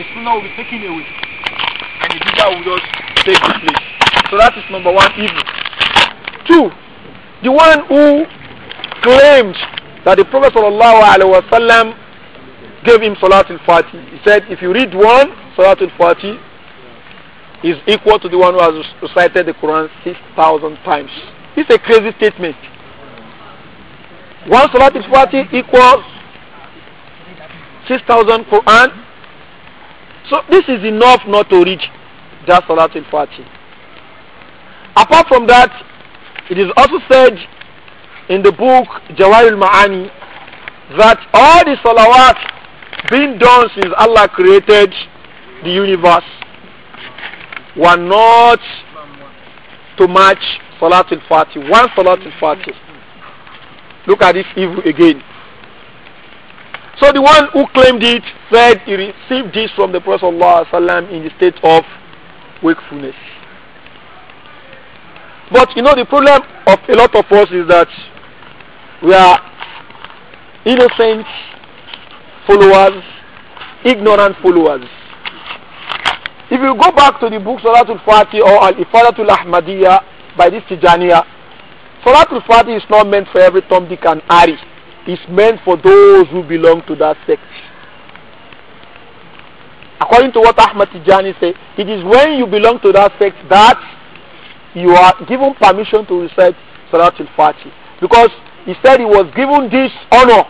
the sunnah will be taken away. And the bid'ah will just take the place. So that is number one evil. Two, the one who claimed that the Prophet wasallam gave him Salatul Fati. He said, if you read one, Salatul Fati is equal to the one who has recited the Quran 6,000 times. It's a crazy statement. One Salatul Fati equals 6,000 Quran So this is enough not to reach just Salatul Fati. Apart from that, it is also said in the book Jawail Ma'ani that all the salawat being done since Allah created the universe were not to match Salatul Fati. One Salatul Fati. Look at this evil again. So the one who claimed it said he received this from the Prophet ﷺ in the state of wakefulness. But you know the problem of a lot of us is that we are innocent followers, ignorant followers. If you go back to the book Salatul Fatih or Al-Ifadatul Ahmadiyya by this Tijaniya, Salatul Fatih is not meant for every Tom, Dick and Harry is meant for those who belong to that sect. According to what Ahmad Tijani said, it is when you belong to that sect that you are given permission to recite Salatul Fati. Because he said he was given this honor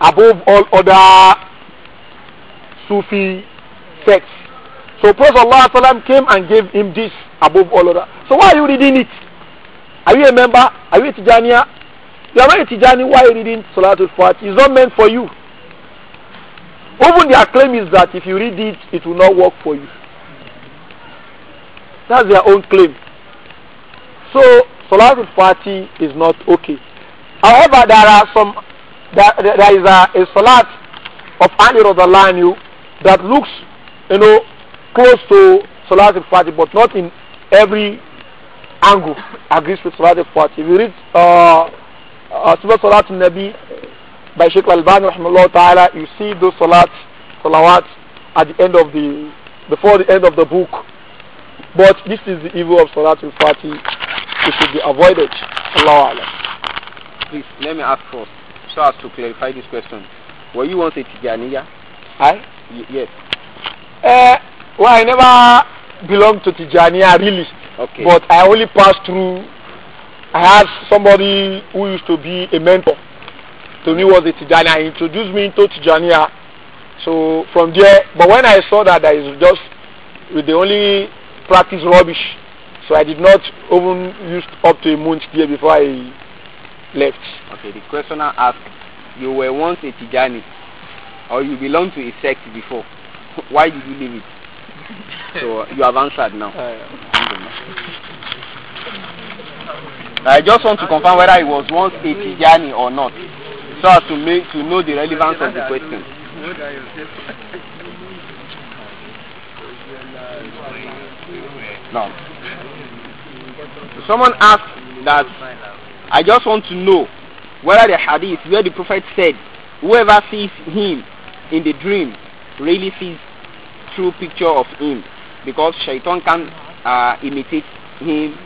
above all other Sufi sects. So Prophet Allah came and gave him this above all other. So why are you reading it? Are you a member? Are you a Tijaniya? You are not why are you reading Salatul Fati? It's not meant for you. Even their claim is that if you read it, it will not work for you. That's their own claim. So, Salatul Fati is not okay. However, there are some, there, there is a, a Salat of Ali Radhalanu that looks, you know, close to Salatul Fati, but not in every angle agrees with Salatul Fati. If you read, uh, uh, Super Salat Nabi by Sheikh Al-Albani rahimahullah ta'ala, you see those Salat, Salawat at the end of the, before the end of the book. But this is the evil of salat Salatul Fati. It should be avoided. Allah Allah. Please, let me ask first, so as to clarify this question. Were you once a Tijaniya? I? Y yes. Uh, well, I never belonged to Tijaniya, really. Okay. But I only passed through I had somebody who used to be a mentor to me was a Tijani. He introduced me into Tijaniya. So from there, but when I saw that I was just with the only practice rubbish, so I did not even use up to a month there before I left. Okay, the questioner asked, you were once a Tijani, or you belonged to a sect before. Why did you leave it? so you have answered now. I just want to confirm whether it was once a Tijani or not, so as to make to know the relevance of the question. No. someone asked that I just want to know whether the hadith where the prophet said, "Whoever sees him in the dream really sees true picture of him," because shaitan can uh, imitate him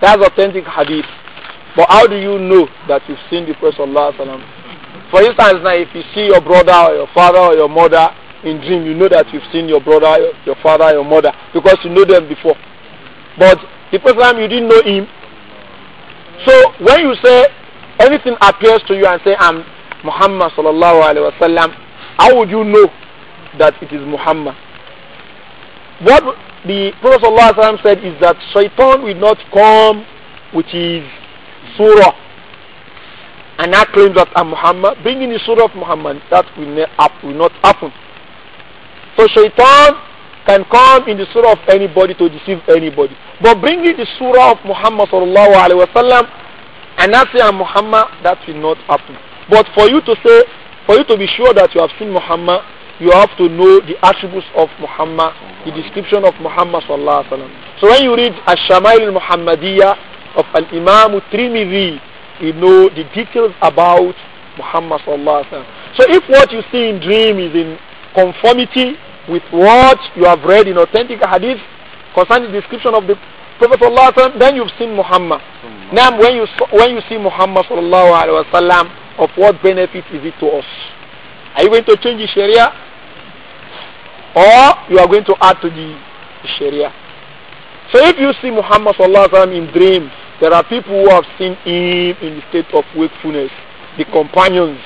That's authentic hadith. But how do you know that you've seen the Prophet Sallallahu For instance, now if you see your brother or your father or your mother in dream, you know that you've seen your brother, your father, your mother because you know them before. But the first time you didn't know him. So when you say anything appears to you and say I'm Muhammad Sallallahu Alaihi Wasallam, how would you know that it is Muhammad? What the Prophet ﷺ said is that shaitan will not come with his surah and I claim that I'm Muhammad, bringing the surah of Muhammad, that will, ne- will not happen. So shaitan can come in the surah of anybody to deceive anybody. But bringing the surah of Muhammad sallallahu alaihi wasallam and not say I'm Muhammad, that will not happen. But for you to say, for you to be sure that you have seen Muhammad, you have to know the attributes of Muhammad, the description of Muhammad sallallahu alaihi wasallam. So when you read Ash-Shamail al of Al-Imam Trimidi, you know the details about Muhammad sallallahu alaihi wasallam. So if what you see in dream is in conformity with what you have read in authentic hadith concerning the description of the Prophet sallallahu alaihi wasallam, then you've seen Muhammad. Now when you when you see Muhammad sallallahu alaihi wasallam, of what benefit is it to us? Are you going to change the Sharia? or you are going to add to the Sharia. So if you see Muhammad sallallahu alaihi wasallam in dreams, there are people who have seen him in the state of wakefulness, the companions.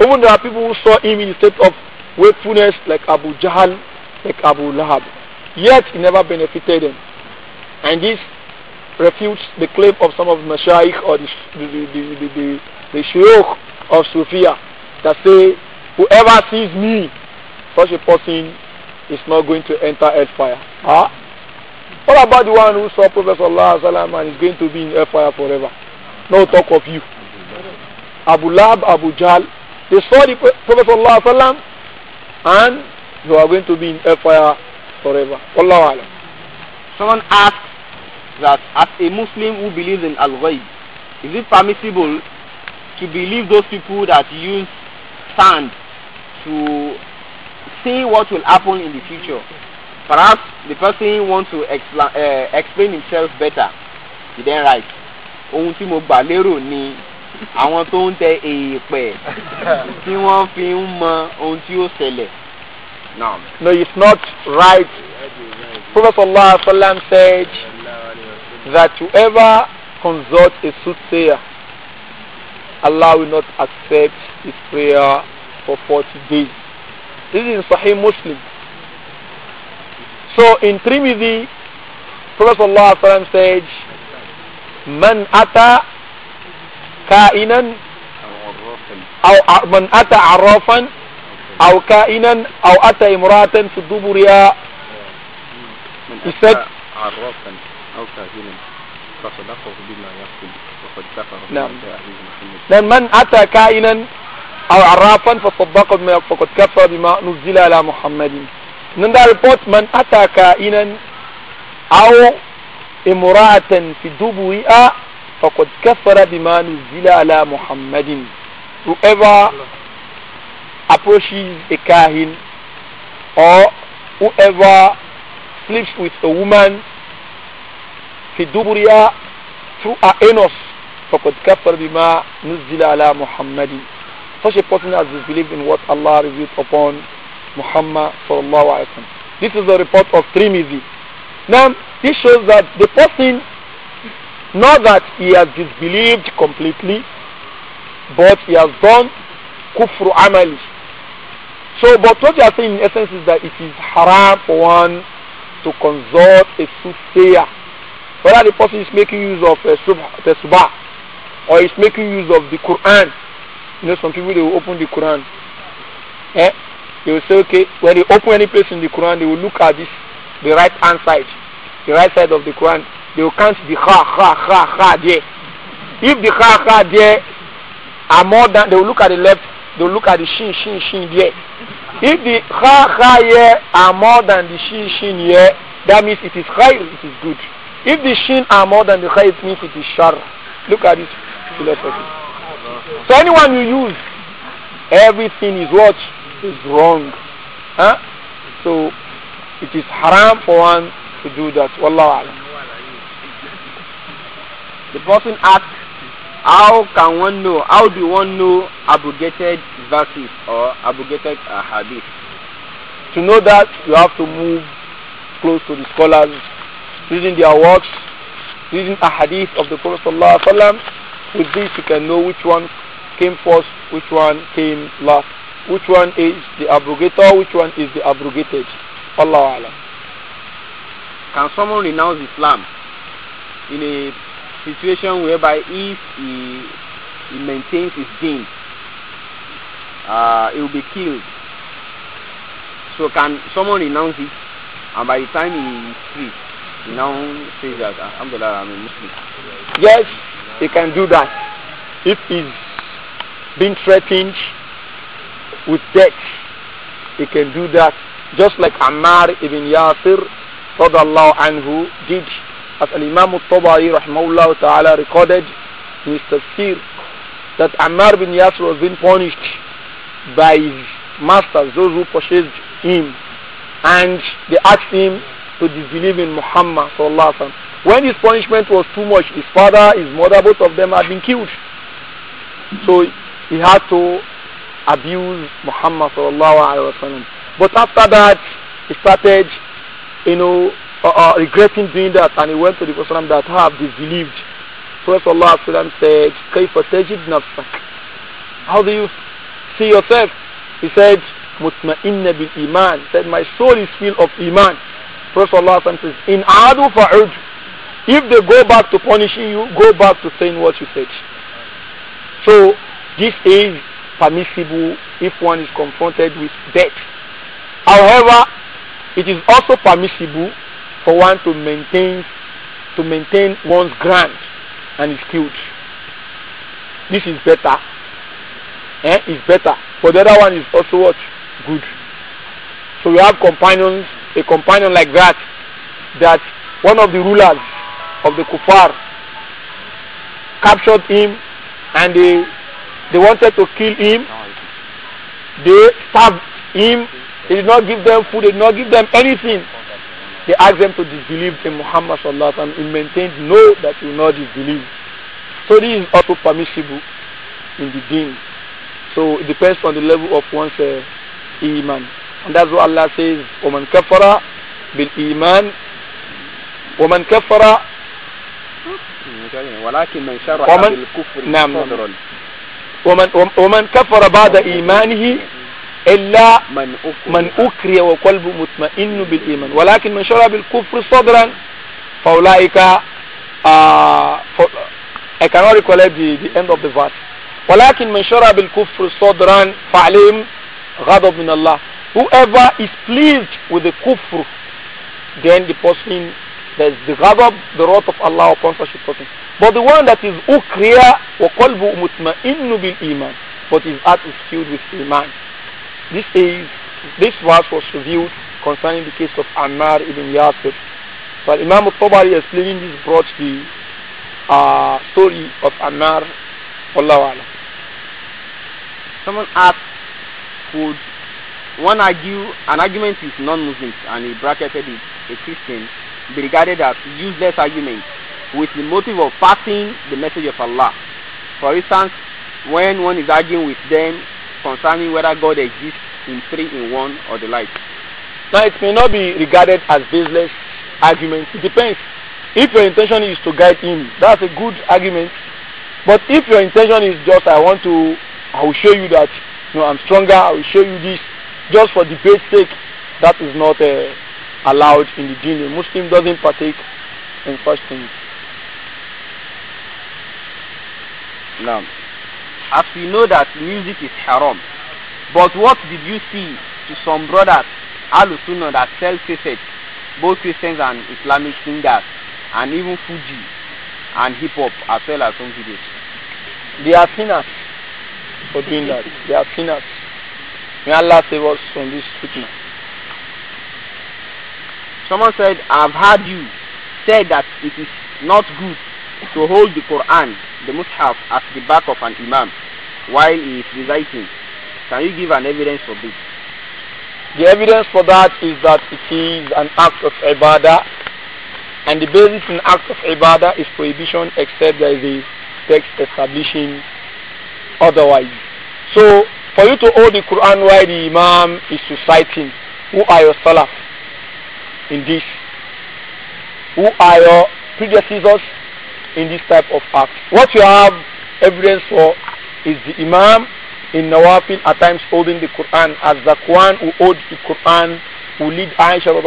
Even there are people who saw him in the state of wakefulness like Abu Jahl, like Abu Lahab. Yet he never benefited them. And this refutes the claim of some of the Mashaikh or the, the, the, the, the, the, the of Sufia that say, whoever sees me such a person is not going to enter hellfire. Huh? Ah. What about the one who saw Prophet Sallallahu Alaihi Wasallam and is going to be in hellfire forever? No talk of you. Abu Lab, Abu Jal, they saw the Prophet Sallallahu Alaihi Wasallam and you are going to be in hellfire forever. Wallahu Alam. Someone asks that as a Muslim who believes in Al-Ghaib, is it permissible to believe those people that use sand to seeing what will happen in the future. Perhaps the person wants to expla- uh, explain himself better. He then writes, ohun tí mo gbà lérò ni àwọn tó ń tẹ èèpẹ̀ tí wọ́n fi ń mọ ohun tí ó ṣẹlẹ̀. No, no, it's not right. Prophet Allah Alaihi said that whoever consults a soothsayer, Allah will not accept his prayer for 40 days. This is Sahih Muslim. So in Trimidi, Prophet ﷺ said, من أتى كائنا أو من أتى عرافا أو كائنا أو أتى امرأة في دبرها من أتى عرافا أو كائنا فصدقه بما يقول وقد كفر نعم من أتى كائنا او عرافا فصدق بما فقد كفر بما نزل على محمد من ده البوت من اتى كائنا او امرأة في دبوئة فقد كفر بما نزل على محمد whoever approaches a kahin or whoever sleeps with a woman في دبرها through a enos فقد كفر بما نزل على محمد Such a person has disbelieved in what Allah revealed upon Muhammad sallallahu alaihi wasallam. This is the report of Trimizi. Now, this shows that the person, not that he has disbelieved completely, but he has done kufru amali. So, but what you are saying in essence is that it is haram for one to consult a soothsayer. Whether the person is making use of a eh, eh, subha, or is making use of the Quran You know, some people they will open the Quran. Eh? They will say, okay, when they open any place in the Quran, they will look at this, the right hand side, the right side of the Quran. They will count the ha ha ha ha there. If the ha ha there are more than, they will look at the left. They will look at the shin shin shin there. If the ha ha here are more than the shin shin here, that means it is khair, it is good. If the shin are more than the khair, it means it is shar. Look at this philosophy. So anyone you use, everything is what is wrong. Huh? So it is haram for one to do that. Wallah The person asks, how can one know, how do one know abrogated verses or abrogated uh, hadith? To know that, you have to move close to the scholars, reading their works, reading a hadith of the Prophet Sallallahu Alaihi Wasallam, with this you can know which one came first, which one came last, which one is the abrogator, which one is the abrogated. Allah Allah. Can someone renounce Islam in a situation whereby if he, he maintains his deen, uh, he will be killed? So can someone renounce it? And by the time he is free, he now says that Alhamdulillah, I'm a Muslim. Yes, he can do that. If he's being threatened with death, he can do that. Just like Ammar ibn Yasir and anhu did, as Imam al-Tabari rahimahullah ta'ala recorded in his tafsir, that Ammar ibn Yasir was being punished by his masters, those who purchased him, and they asked him to disbelieve in Muhammad sallallahu alaihi wasallam. When his punishment was too much, his father, his mother, both of them had been killed. So he had to abuse Muhammad sallallahu alaihi wasallam. But after that, he started, you know, uh, uh, regretting doing that, and he went to the Prophet that have disbelieved. Prophet Allah said, كيف tajid نفسك? How do you see yourself? He said, مطمئن bil He said, my soul is filled of iman. Prophet Allah says, "In adu فعدوا If they go back to punishing you, go back to saying what you said. So this is permissible if one is confronted with death. However, it is also permissible for one to maintain to maintain one's grant and his killed. This is better. Eh? It's better. For the other one is also what? Good. So we have companions, a companion like that, that one of the rulers of the kuffar captured him and they, they wanted to kill him. They stabbed him. They did not give them food. They did not give them anything. They asked them to disbelieve in Muhammad sallallahu alaihi wasallam. He maintained, no, that you will not disbelieve. So this is also permissible in the deen. So it depends on the level of one's uh, iman. And that's what Allah says, وَمَنْ bil iman وَمَنْ كَفَرَ ولكن من شرح ومن بالكفر نعم،, نعم صدرا ومن, ومن كفر بعد إيمانه إلا من أكره, من أكره وقلب مطمئن بالإيمان ولكن من شرح بالكفر صدرا فأولئك uh, آه، for, I cannot recollect the, the end of the verse ولكن من شرح بالكفر صدرا فعليهم غضب من الله whoever is pleased with the kufr then the person There's the ghadab, the wrath of Allah upon such a person. But the one that is ukriya wa qalbu mutma'innu bil iman. But his heart is filled with iman. This is, this verse was revealed concerning the case of Ammar ibn Yasir. But Imam al-Tabari explaining this brought the uh, story of Ammar. Allah Allah. Someone asked, could one argue, an argument is non-Muslims and he bracketed it, a Christian be regarded as useless arguments with the motive of passing the message of Allah. For instance, when one is arguing with them concerning whether God exists in three in one or the like. Now it may not be regarded as baseless argument. It depends. If your intention is to guide him, that's a good argument. But if your intention is just I want to I will show you that you know I'm stronger, I will show you this just for debate's sake, that is not a uh, allowed in the deen. A Muslim doesn't partake in such things. Now, as we know that music is haram, but what did you see to some brothers, Alusuna, that sell cassettes, both Christians and Islamic singers, and even Fuji and hip hop, as well as some videos? They are sinners for doing that. They are sinners. May Allah save us from this fitna. Someone said, I've heard you say that it is not good to hold the Quran, the Mus'haf, at the back of an Imam while he is reciting. Can you give an evidence for this? The evidence for that is that it is an act of ibadah and the basis in act of ibadah is prohibition except there is a text establishing otherwise. So for you to hold the Quran while the Imam is reciting, who are your salaf? in this? Who are your predecessors in this type of act? What you have evidence for is the Imam in Nawafil at times holding the Quran as the one who holds the Quran who lead Aisha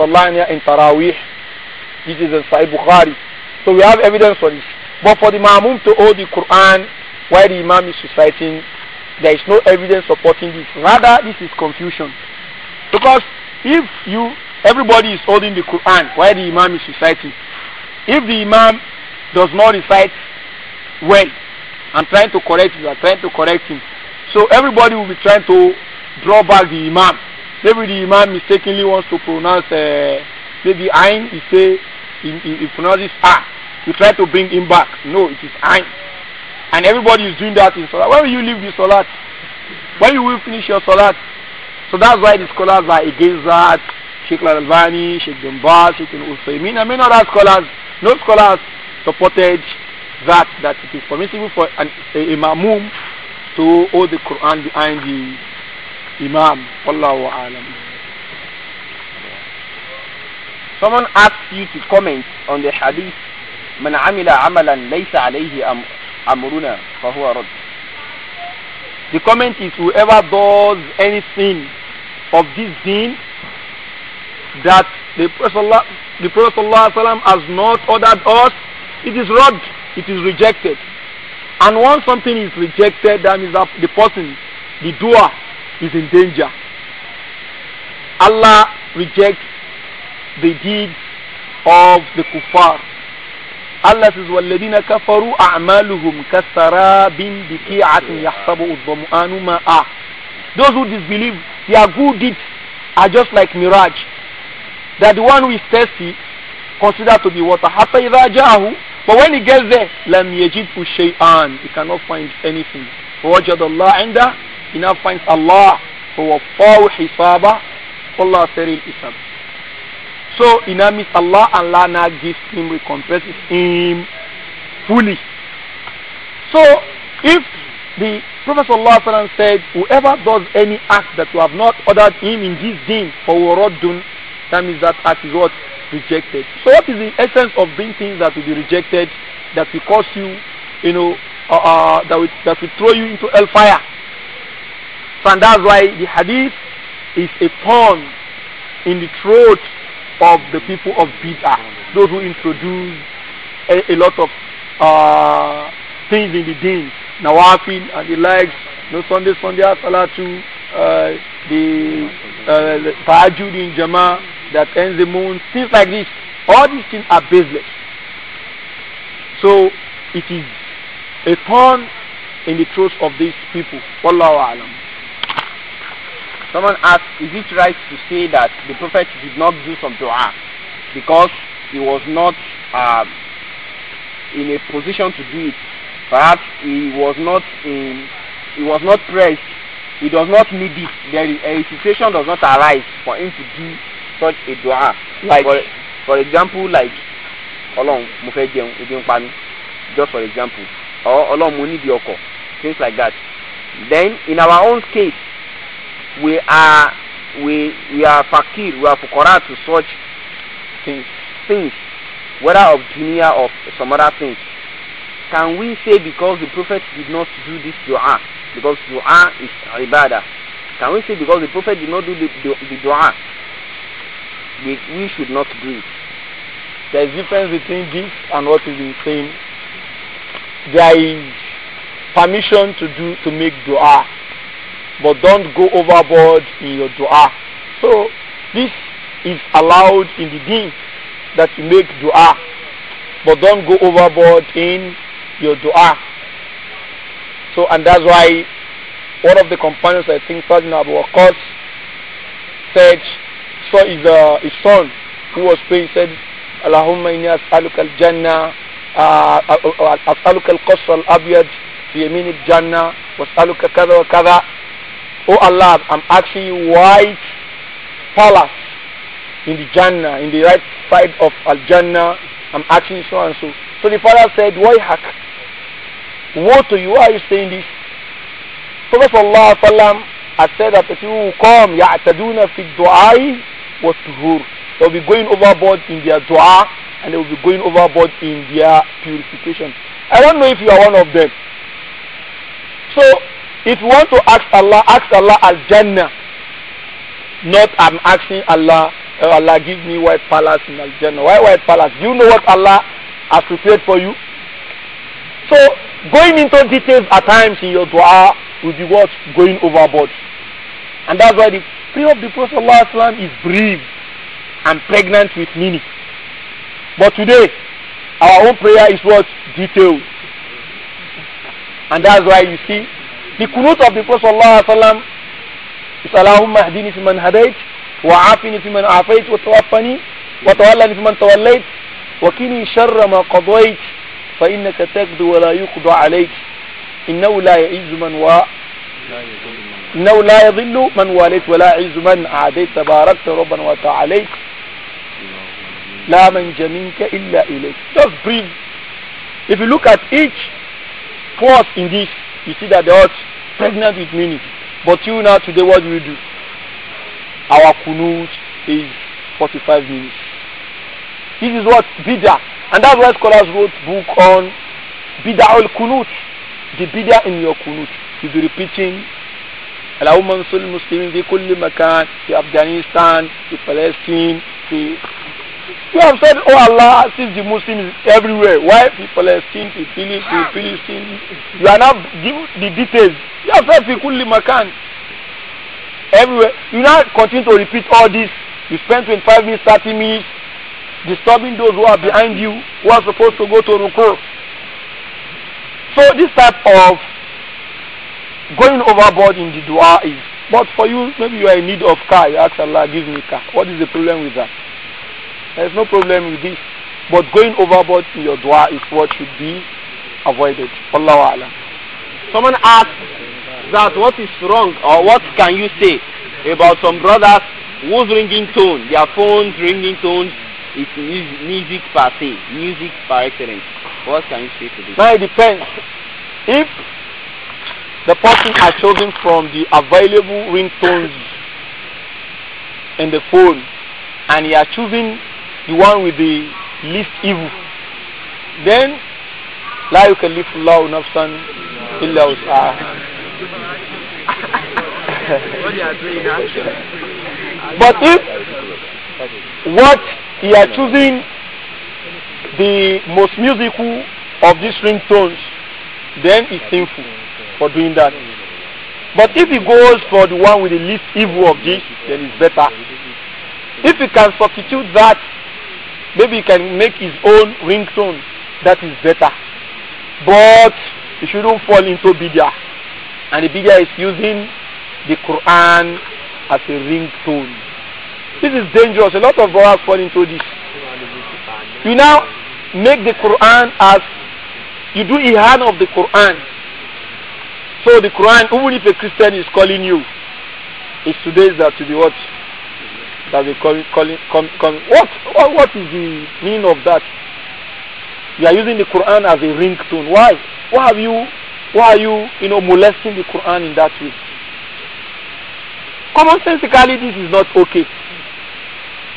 in Taraweeh. This is in Sahih Bukhari. So we have evidence for this. But for the Ma'mum to hold the Quran while the Imam is reciting, there is no evidence supporting this. Rather, this is confusion. Because if you Everybody is holding the Quran while the Imam is reciting. If the Imam does not recite well, I'm trying to correct you, I'm trying to correct him. So everybody will be trying to draw back the Imam. Maybe the Imam mistakenly wants to pronounce, uh, maybe Ain, he say, he, he, pronounces Ah. You try to bring him back. No, it is Ain. And everybody is doing that in Salat. When will you leave the Salat? When you will finish your Salat? So that's why the scholars are against that Sheikh Al-Albani, Sheikh Gumbar, Sheikh Al-Usaymin, and many other scholars, no scholars supported that, that it is permissible for an, imamum to hold the Quran behind the Imam. Wallahu alam. Someone asked you to comment on the hadith, من عمل عملا ليس عليه أمرنا فهو رد. The comment is whoever does anything of this deen that the Prophet, the Prophet has not ordered us, it is robbed, it is rejected. And once something is rejected, that means that the person, the doer, is in danger. Allah rejects the deeds of the kuffar. Allah says, وَالَّذِينَ كَفَرُوا أَعْمَالُهُمْ كَسَرَابٍ بِقِيعَةٍ يَحْسَبُهُ الظَّمْآنُ مَاءً Those who disbelieve, their good deeds are just like mirage that the one who is thirsty consider to be water. Hatta idha But when he gets there, lam yajidhu shay'an. He cannot find anything. Wajad Allah عِنْدَهُ He now finds Allah فَوَفَّاهُ hisaba, Allah Saril Isab. So he now meets Allah and Allah now gives him, recompenses him fully. So if the Prophet Allah said, whoever does any act that you have not ordered him in this deen, فَوَرَدٌ that means that act is what? Rejected. So what is the essence of doing things that will be rejected, that will cause you, you know, uh, uh, that, will, that will throw you into hellfire? And that's why the hadith is a thorn in the throat of the people of Bid'ah, those who introduce a, a lot of uh, things in the deen, Nawafil and the likes, you know, Sunday, Sunday, Salatu, uh, the uh, Tahajjud in Jama'ah, that ends the moon, things like this. All these things are baseless. So it is a thorn in the throats of these people. Wallahu alam. Someone asked, is it right to say that the Prophet did not do some dua because he was not um, in a position to do it? Perhaps he was not in, he was not pressed. He does not need it. There is, a situation does not arise for him to do such a dua. like for, for example like ọlọ́run mo fẹ́ jẹun ebi ń pa mí just for example or ọlọ́run mo níbi ọkọ̀ things like that then in our own case we are we we are fakir we are fukara to such things things whether of dunya or some other things can we say because the prophet did not do this dua because dua is ibadah can we say because the prophet did not do the, the, the dua we, we should not do it. There is difference between this and what we've been saying. There is permission to do to make dua, but don't go overboard in your dua. So this is allowed in the deen that you make dua, but don't go overboard in your dua. So and that's why one of the companions, I think, Sajna Abu Waqqas, said saw his, uh, his son who was praying, he said, Allahumma inni as'aluka al-jannah, uh, uh, uh, as'aluka al-qasr al-abyad, fi yamin al-jannah, was'aluka kada wa kada. Oh Allah, I'm asking you white palace in the Jannah, in the right side of al-Jannah. I'm asking you so and so. So the father said, why hack? What to you, why are you saying this? Prophet Sallallahu Alaihi Wasallam has said that the you who come, يَعْتَدُونَ فِي الدُّعَاءِ وَالطُّهُورِ They will be going overboard in their dua and they will be going overboard in their purification. I don't know if you are one of them. So, if you want to ask Allah, ask Allah al-Jannah. Not I'm asking Allah, oh Allah give me white palace in al-Jannah. Why white palace? Do you know what Allah has prepared for you? So, going into details at times in your dua will be what? Going overboard. And that's why the prayer of the Prophet is brief and pregnant with meaning. But today, our own prayer is what? Detailed. And that's why you see, the kunut of the Prophet is Allahumma ahdini fi man hadayt, wa afini fi man afayt, wa tawaffani, wa tawallani fi man tawallayt, wa kini sharra ma qadwayt, fa innaka taqdu wa la yuqdu alayk, innahu la ya'izzu man wa إنه لا يضل من واليت ولا عز من عاديت تباركت ربنا وتعاليت لا من منك إلا إليك just brief if you look at each pause in this you see that they are pregnant with meaning but you now today what do you do our kunut is 45 minutes this is what bidah and that's why scholars wrote book on bidah al kunut the bidah in your kunut you be repeating اللهم انصر المسلمين في كل مكان في أفغانستان في فلسطين في You have said, Oh Allah, since the Muslims everywhere, why fi Palestine, fi Philly, fi Philistine? You are now giving the details. You have said fi kulli makan. Everywhere. You now continue to repeat all this. You spend 25 minutes, 30 minutes disturbing those who are behind you, who are supposed to go to Rukur. So this type of going overboard in the dua is. But for you, maybe you are in need of car. You ask Allah, give me car. What is the problem with that? There is no problem with this. But going overboard in your dua is what should be avoided. Allahu Alam. Someone asked that what is wrong or what can you say about some brothers whose ringing tone, their phone's ringing tone is music per se, music par excellence. What can you say to this? Well, it depends. If the person are chosen from the available ringtones in the phone and you are choosing the one with the least evil then لا يكلف الله نفسا إلا وسعها but if what you are choosing the most musical of these ringtones then it's sinful for doing that. But if he goes for the one with the least evil of this, then it's better. If he can substitute that, maybe he can make his own ringtone. That is better. But he shouldn't fall into bidia. And the is using the Quran as a ringtone. This is dangerous. A lot of brothers fall into this. You now make the Quran as you do ihan of the Quran So the Quran, even if a Christian is calling you, it's today that to be what? That they call calling come come what what is the meaning of that? You are using the Quran as a ringtone. Why? Why are you why are you you know molesting the Quran in that way? Common sensically this is not okay.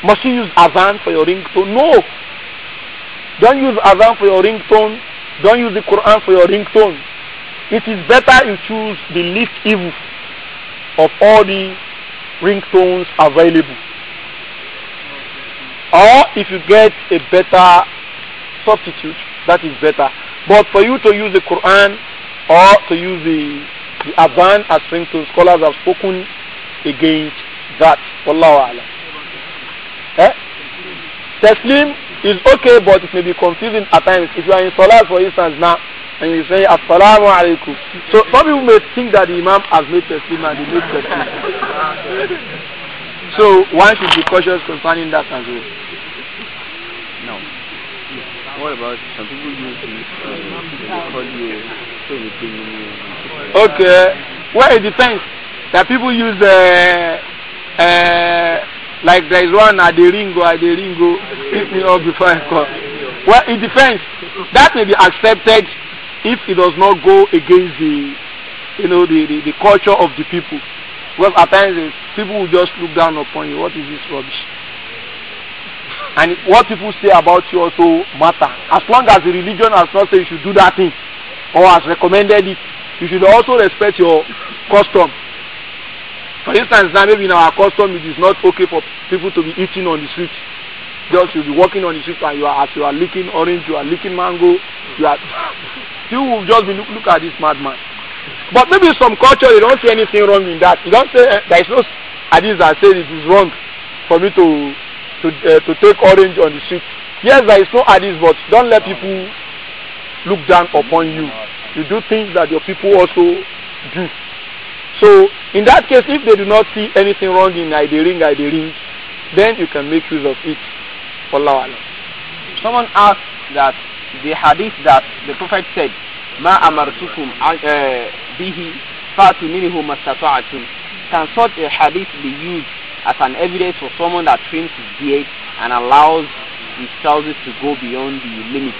Must you use Azan for your ringtone? No. Don't use Azan for your ringtone. Don't use the Quran for your ringtone. it is better you choose the least evil of all the ringtones available or if you get a better substitute that is better but for you to use the Quran or to use the the Adhan as ringtone scholars have spoken against that Wallahu Alam eh? Taslim is okay but it may be confusing at times if you are in Salah for instance now and you say assalamu alaikum. So some people may think that the imam has made taslim and he made taslim. so one should be cautious concerning that as well. No. What about some people use this uh, Okay. Well, it depends. That people use the. Uh, uh, like there is one ringo, aderingo ringo." pick me up before i come well it depends that may be accepted if it does not go against the you know the, the, the culture of the people. Because at times eh, people will just look down upon you. What is this rubbish? And what people say about you also matter. As long as the religion has not said you should do that thing or has recommended it, you should also respect your custom. For instance, now maybe in our custom it is not okay for people to be eating on the street. Just you be walking on the street and you are as you are licking orange, you are licking mango, you are you will just be look, look at this madman. But maybe some culture they don't see anything wrong in that. You don't say eh, there is no hadith that say it is wrong for me to to uh, to take orange on the street. Yes, there is no hadith, but don't let people look down upon you. You do things that your people also do. So in that case, if they do not see anything wrong in idering, idering, then you can make use of it. Allah Allah. Someone asked that the hadith that the Prophet said, Ma amartukum eh, bihi fatu minhu mastata'atum. Can such a hadith be used as an evidence for someone that trims his beard and allows his trousers to go beyond the limit?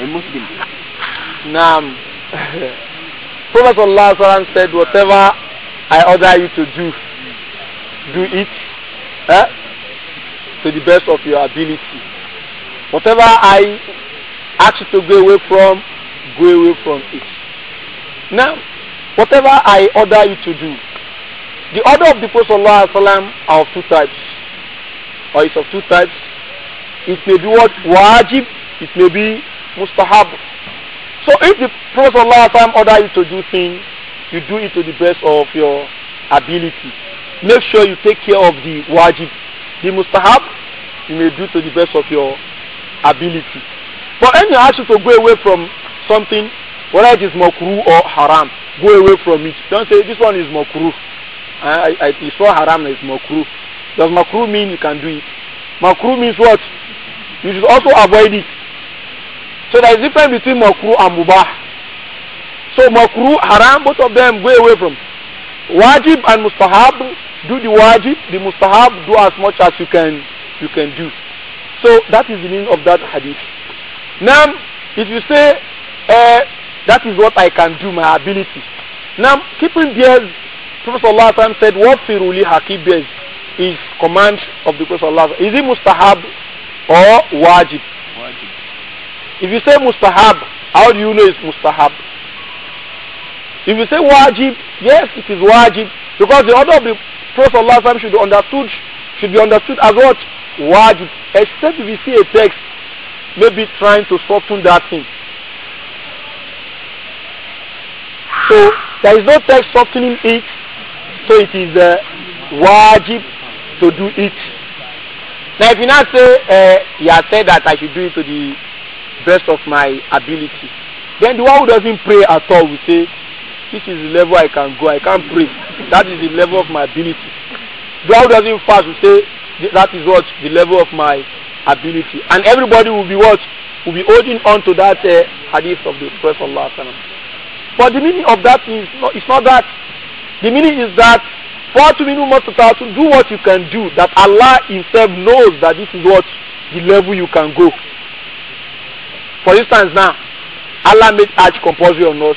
A Muslim. Naam. Prophet Allah said, whatever I order you to do, do it eh? to the best of your ability. Whatever I ask you to go away from, go away from it. Now, whatever I order you to do, the order of the Prophet ﷺ are of two types, or it's of two types. It may be what wajib, it may be mustahab. So if the Prophet ﷺ order you to do things, you do it to the best of your ability. Make sure you take care of the wajib. The mustahab, you may do to the best of your ability. But any you to go away from something, whether it is makruh or haram, go away from it. Don't say this one is makruh. I, I, it's not haram, it's makruh. Does makruh mean you can do it? Makruh means what? You should also avoid it. So there is difference between makruh and mubah. So makruh, haram, both of them go away from. Wajib and mustahab, do the wajib, the mustahab, do as much as you can you can do. So that is the meaning of that hadith. Now, if you say uh, that is what I can do, my ability. Now, keeping bears, Prophet Allah said, what firuli haki bears is command of the Prophet Allah. Is it mustahab or wajib? wajib? If you say mustahab, how do you know it's mustahab? If you say wajib, yes, it is wajib because the order of the Prophet Allah should be understood should be understood as what wajib except if you see a text maybe trying to soften that thing. So there is no text softening it, so it is uh, wajib to do it. Now if you now say, uh, he has said that I should do it to the best of my ability, then the one who doesn't pray at all will say, this is the level I can go, I can't pray. That is the level of my ability. The one who doesn't fast will say, that is what the level of my ability. And everybody will be what? Will be holding on to that uh, hadith of the Prophet Allah. But the meaning of that is not, it's not that. The meaning is that do what you can do, that Allah Himself knows that this is what the level you can go. For instance, now, Allah made Hajj compulsory on us.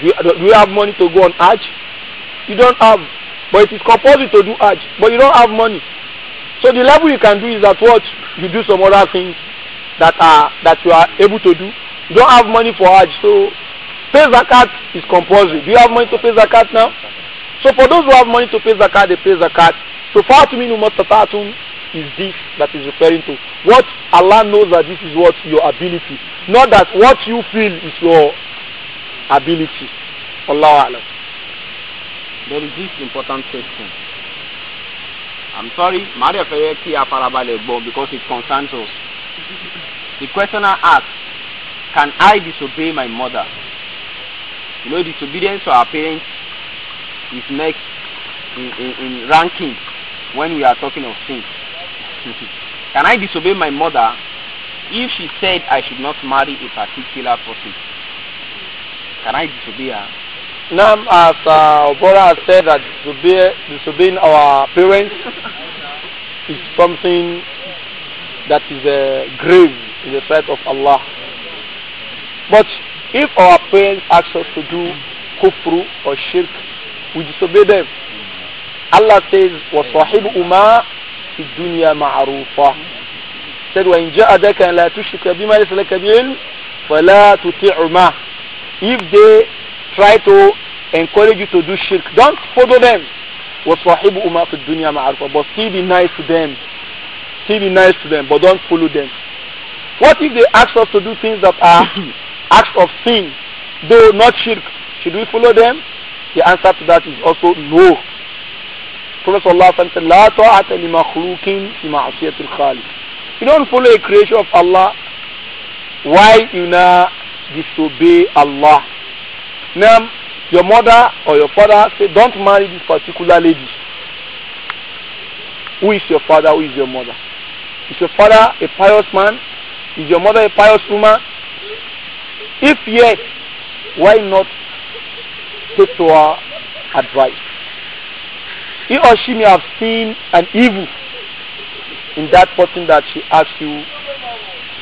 Do you, do you have money to go on Hajj? You don't have but it is compulsory to do hajj but you don't have money so the level you can do is that what you do some other things that are that you are able to do you don't have money for hajj so pay zakat is compulsory do you have money to pay zakat now so for those who have money to pay zakat they pay zakat so far to me no mustatatum is this that is referring to what Allah knows that this is what your ability not that what you feel is your ability Allah Allah there is this important question. I'm sorry, màá dẹ̀ fẹ́ yẹ kí because it concerns us. The questioner asks, can I disobey my mother? You know, disobedience to our parents is next in, in, in ranking when we are talking of sin. Can I disobey my mother if she said I should not marry a particular person? Can I disobey her? Nam as our brother has said that disobeying, our parents is something that is a grave in the sight of Allah. But if our parents ask us to do kufru or shirk, we disobey them. Allah says, وَصَاحِبُهُمَا فِي الدُّنْيَا He Said, وَإِنْ جَاءَدَكَ لَا تُشْرِكَ بِمَا لَيْسَ لَكَ فَلَا تُطِعْهُمَا If they try to encourage you to do shirk. Don't follow them. وَصَاحِبُهُمَا فِي الدُّنْيَا مَعْرُوفًا But still be nice to them. Still be nice to them, but don't follow them. What if they ask us to do things that are acts of sin, though not shirk? Should we follow them? The answer to that is also no. Prophet Allah said, لا طاعة لمخلوق في معصية الخالق. You don't follow a creation of Allah. Why you now disobey Allah? Now, your mother or your father say, don't marry this particular lady. Who is your father? Who is your mother? Is your father a pious man? Is your mother a pious woman? If yes, why not take to her advice? He or she may have seen an evil in that person that she asked you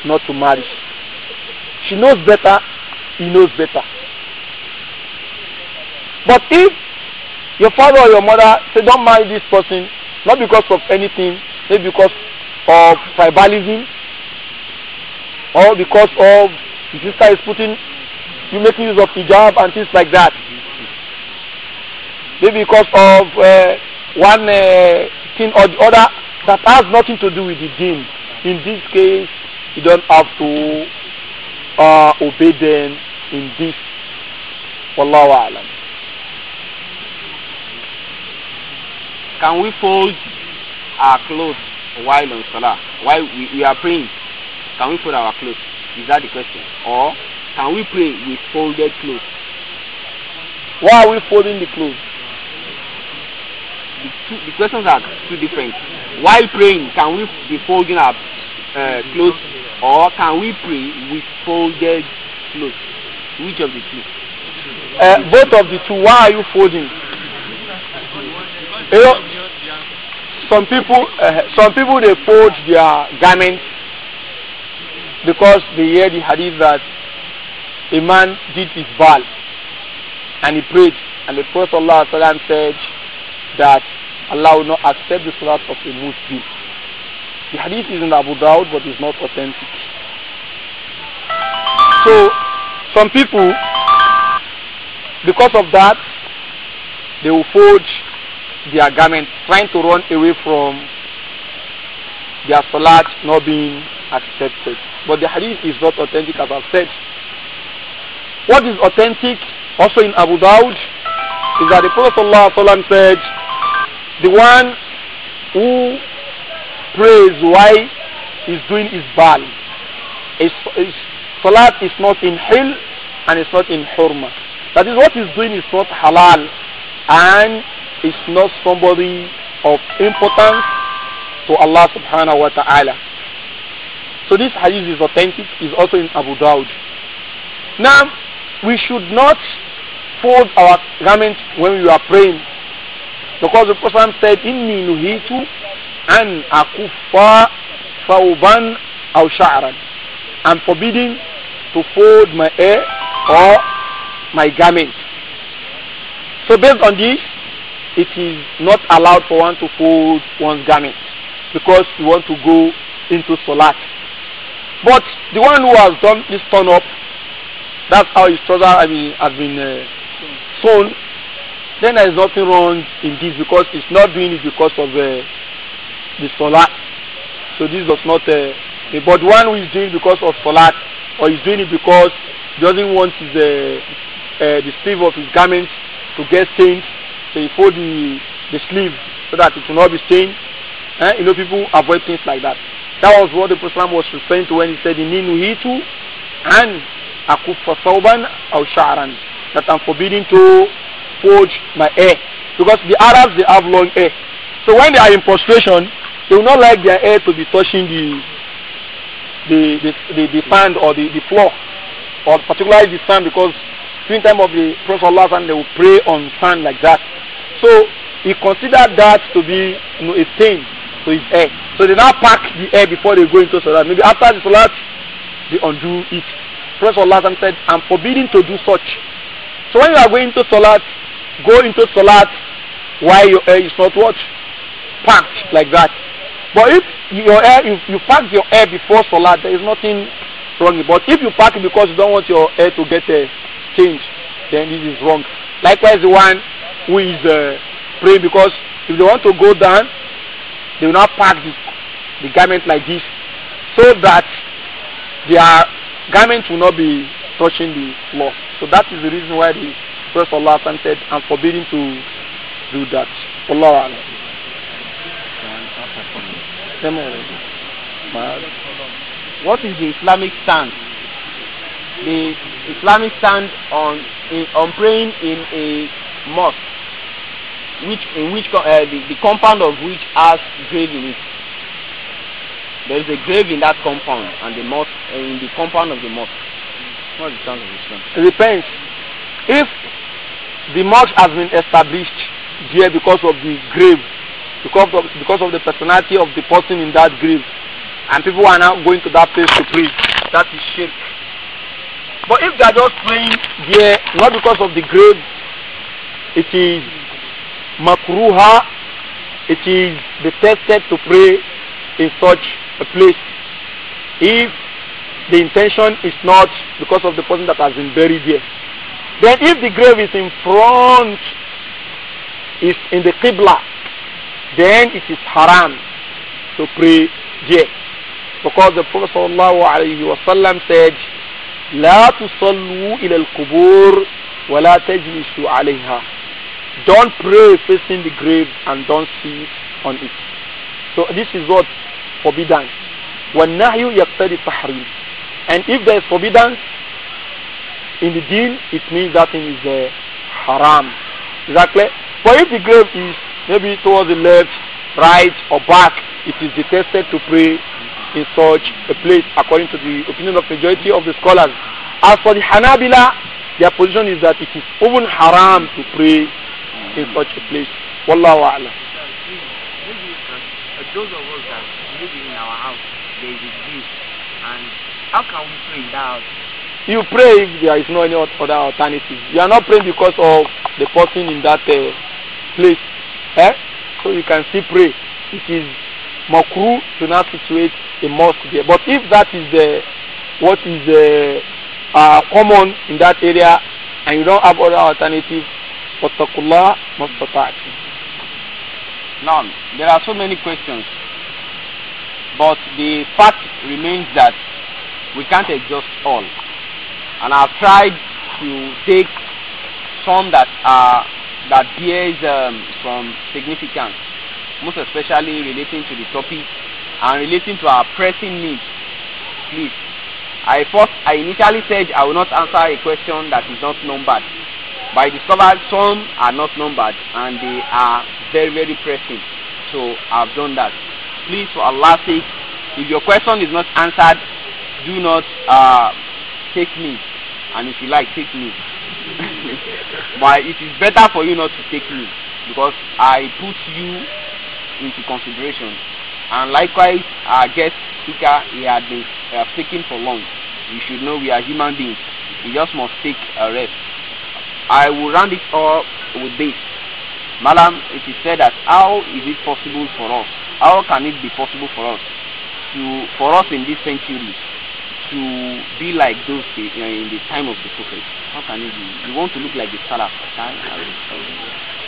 not to marry. She knows better, he knows better. But if your father or your mother say don't marry this person not because of anything maybe because of tribalism or because of the sister is putting you making use of hijab and things like that maybe because of uh, one uh, thing or the other that has nothing to do with the deen in this case you don't have to uh, obey them in this wallahu alam Can we fold our clothes while on salah? While we, we are praying, can we fold our clothes? Is that the question? Or can we pray with folded clothes? Why are we folding the clothes? The, two, the questions are two different. While praying, can we be folding our uh, clothes, or can we pray with folded clothes? Which of the two? Uh, both of the two. Why are you folding? You know, some people, uh, some people they fold their garments because they hear the hadith that a man did his bal and he prayed, and the Prophet Allah said that Allah will not accept the salat of a Muslim. The hadith is in Abu Dawud but it's not authentic. So some people, because of that, they will forge their garment, trying to run away from their salat not being accepted. But the hadith is not authentic as I've said. What is authentic also in Abu Dawud is that the Prophet ﷺ said, the one who prays while he's doing his bal, his, his salat is not in hil and it's not in hurma. That is what he's doing is not halal and is not somebody of importance to Allah subhanahu wa ta'ala. So this hadith is authentic, is also in Abu Dawud. Now, we should not fold our garments when we are praying. Because the Prophet said, Inni nuhitu an akufa fauban aw sha'ran. I'm forbidden to fold my hair or my garment. So based on this, it is not allowed for one to fold one's garment because you want to go into salat. But the one who has done this turn up, that's how his trouser I mean, has been uh, sewn, then there is nothing wrong in this because it's not doing it because of uh, the salat. So this does not, uh, but one who is doing it because of salat or is doing it because he doesn't want his, uh, uh, the sleeve of his garment to get stained, So you fold the, the sleeve so that it will not be stained. Eh? You know, people avoid things like that. That was what the Prophet was referring to when he said, Ninuhitu and Akufa Sauban That I'm forbidden to forge my hair. Because the Arabs, they have long hair. So when they are in prostration, they will not like their hair to be touching the the the, the, the sand or the, the floor, or particularly the sand, because during time of the Prophet Allah, they will pray on sand like that. So he considered that to be you know, a thing to his hair. So they now pack the hair before they go into salat. Maybe after the salat, they undo it. Prophet Allah said, I'm forbidden to do such. So when you are going to salat, go into salat while your hair is not what? Packed like that. But if your hair, if you pack your hair before salat, there is nothing wrong. But if you pack it because you don't want your hair to get uh, changed, then this is wrong. Likewise, the one who is uh, praying because if they want to go down, they will not pack the, the garment like this so that their garment will not be touching the floor. So that is the reason why the Prophet Allah said, I'm forbidding to do that. Allah What is the Islamic stand? The Islamic stand on, on praying in a mosque which in which uh, the, the compound of which has grave in it. There is a grave in that compound and the moth uh, in the compound of the moth. What is the chance of Islam? Repent. If the moth has been established here because of the grave, because of because of the personality of the person in that grave, and people are now going to that place to pray, that is shirk. But if they are just praying there, not because of the grave, it is makruha, it is detested to pray in such a place. If the intention is not because of the person that has been buried there. Then if the grave is in front, is in the Qibla, then it is haram to pray there. Because the Prophet ﷺ said, لا تصلوا إلى القبور ولا تجلسوا عليها don't pray facing the grave and don't sit on it. So this is what forbidden. وَالنَّهْيُ يَقْتَدِ التَّحْرِيمِ And if there is forbidden in the deen, it means that thing is uh, haram. Exactly. But if the grave is maybe towards the left, right or back, it is detested to pray in such a place according to the opinion of majority of the scholars. As for the Hanabila, their position is that it is even haram to pray in such a place. Wallahu a'lam. Uh, those of us that live in our house, there is a view, and how can we pray in that house? You pray if there is no any other alternative. You are not praying because of the person in that uh, place. Eh? So you can still pray. It is makru to not situate a mosque there. But if that is the uh, what is the uh, uh, common in that area and you don't have other alternative Now, there are so many questions, but the fact remains that we can't exhaust all. And I've tried to take some that are that bears um, some significance, most especially relating to the topic and relating to our pressing needs. Please, I first I initially said I will not answer a question that is not numbered. by the servant some are not numbered and they are very very pressing so i've done that please for allah's sake if your question is not answered do not uh, take me and if you like take me but it is better for you not to take me because i put you into consideration and likewise our guest speaker he had been uh, speaking for long you should know we are human beings we just must take a rest I will round it up with this. Malam, it is said that how is it possible for us? How can it be possible for us to, for us in this century, to be like those eh, in the time of the prophet? How can it be? You want to look like the Salaf?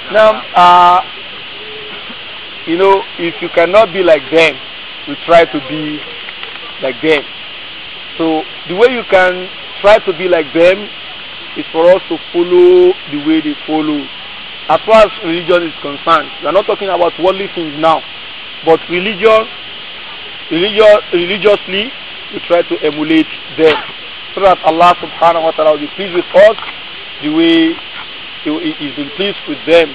Now, uh, you know, if you cannot be like them, you try to be like them. So the way you can try to be like them is for us to follow the way they follow. As far as religion is concerned, we are not talking about worldly things now, but religion, religion religiously, we try to emulate them so that Allah subhanahu wa ta'ala will be pleased with us the way He is been pleased with them.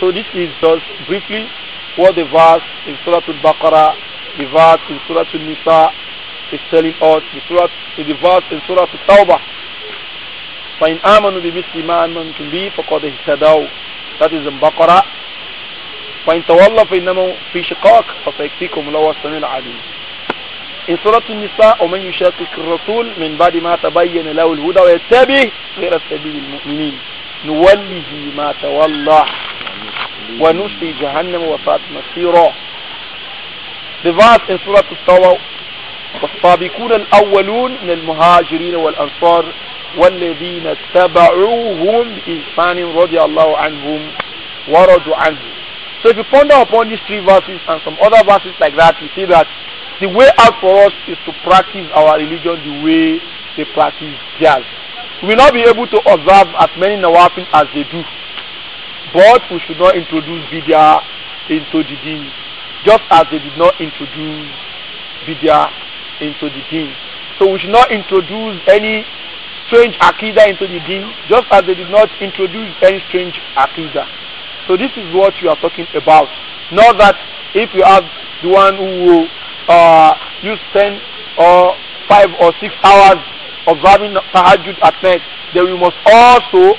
So this is just briefly what the verse in Surah Al-Baqarah, the verse in Surah Al-Nisa is telling us, the, surah, the verse in Surah Al-Tawbah فإن آمنوا بمثل ما آمنتم به فقد اهتدوا That is in Baqarah فإن تولوا فإنما في شقاق فسيكفيكم الله والسميع العليم إن سورة النساء ومن يشاكك الرسول من بعد ما تبين له الهدى ويتبع غير سبيل المؤمنين نوله ما تولى ونسي جهنم وساءت مصيرا The verse in Surah al tawbah والسابقون الأولون من المهاجرين والأنصار والذين تبعوهم إحسان رضي الله عنهم ورضوا عنه So if you ponder upon these three verses and some other verses like that, you see that the way out for us is to practice our religion the way they practice theirs. We will not be able to observe as many nawafil as they do, but we should not introduce bidya into the deen, just as they did not introduce bidya into the deen. So we should not introduce any strange akida into the din, just as they did not introduce any strange akida. So this is what you are talking about. Not that if you have the one who uh, use 10 or 5 or 6 hours observing tahajjud at night, then we must also,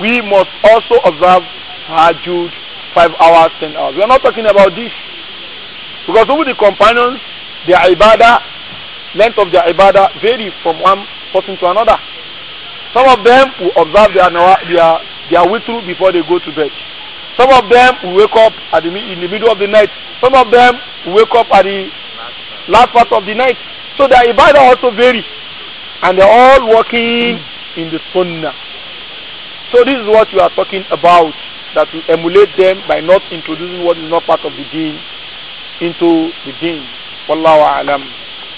we must also observe tahajjud 5 hours, 10 hours. We are not talking about this. Because over the companions, their ibadah, length of their ibadah vary from one person to another. Some of them will observe their their their witru before they go to bed. Some of them will wake up at the, in the middle of the night. Some of them will wake up at the last part of the night. So their ibadah also vary, and they're all working in the sunnah. So this is what we are talking about that we emulate them by not introducing what is not part of the deen into the deen. Wallahu alam.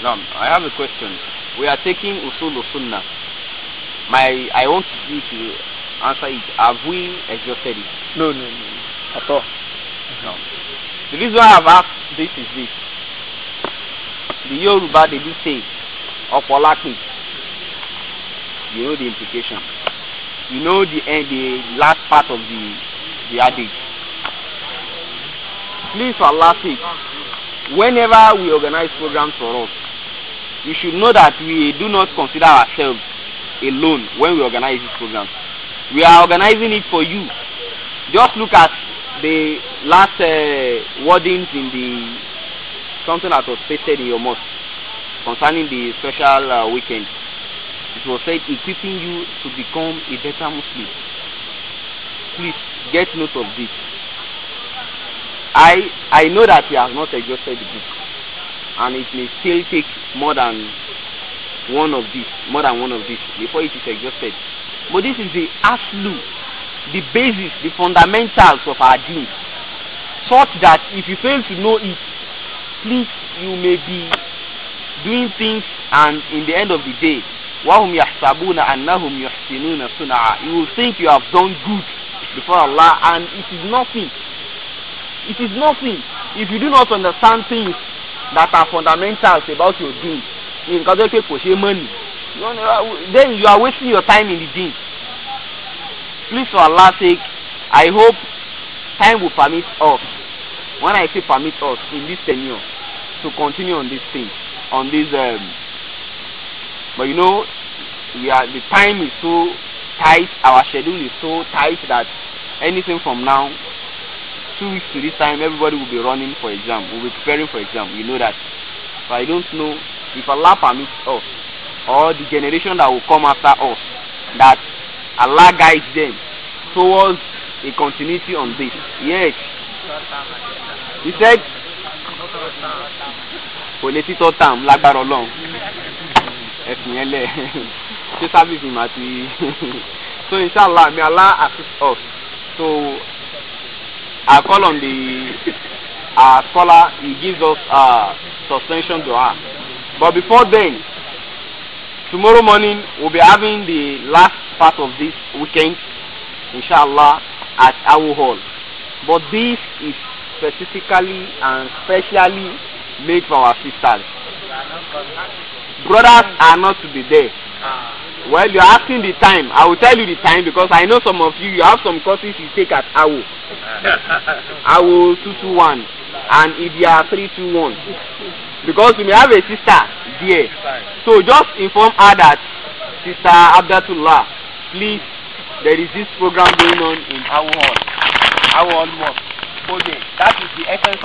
Now, I have a question. We are taking usul sunnah my I want you to answer it. Have we exhausted it? No, no, no, at all. No. The reason I have asked this is this. The Yoruba they do say, "Of Opolakmi. You know the implication. You know the end, the last part of the the adage. Please, for last week, whenever we organize programs for us, you should know that we do not consider ourselves alone when we organize this program. We are organizing it for you. Just look at the last uh, wordings in the something that was stated in your mosque concerning the special uh, weekend. It was said equipping you to become a better Muslim. Please get note of this. I I know that we have not exhausted the book, and it may still take more than one of these, more than one of these, before it is exhausted. But this is the absolute, the basis, the fundamentals of our deen. Such that if you fail to know it, please, you may be doing things and in the end of the day, وَهُمْ يَحْسَبُونَ أَنَّهُمْ يُحْسِنُونَ صُنْعًا You will think you have done good before Allah and it is nothing. It is nothing if you do not understand things that are fundamentals about your deen nǹkan tó pé kò ṣe mọ́ then you are wasting your time in the gym. please for allah sake i hope time will permit us when i say permit us in this tenure to continue on this thing on this um, but you know we are the time is so tight our schedule is so tight that anything from now two weeks to this time everybody will be running for exam will be preparing for exam you know that but i don't know if Allah permits us, or the generation that will come after us, that Allah guides them towards a continuity on this. Yes. He said, kò lè títọ́ tàm lágbára ọlọ́run ẹ̀sìn yẹn lẹ̀ ṣé sábìsì mà ti so inshallah may Allah assist us so I call on the uh, scholar he gives us uh, suspension dua But before then, tomorrow morning we'll be having the last part of this weekend, inshallah, at Awu Hall. But this is specifically and specially made for our sisters. Brothers are not to be there. Well, you're asking the time. I will tell you the time because I know some of you, you have some courses you take at AWO. AWO two two one, and three two one because we may have a sister there so just inform her that sister Abdullah, please there is this program going on in our hall. Our hall mosque Okay, that is the essence.